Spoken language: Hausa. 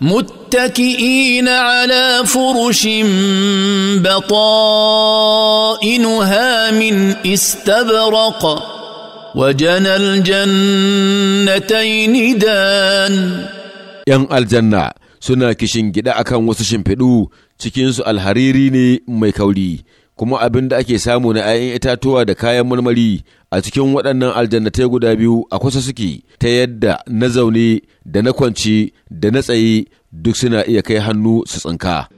متكئين على فرش بطائنها من استبرق وجنى الجنتين دان ‘yan aljanna suna kishin gida akan wasu shimfiɗu cikinsu alhariri ne mai kauri kuma abin da ake samu na 'ya'yan itatuwa da kayan marmari a cikin waɗannan aljannatai guda biyu a kusa suke ta yadda na zaune da na kwanci da na tsaye duk suna iya kai hannu su tsinka.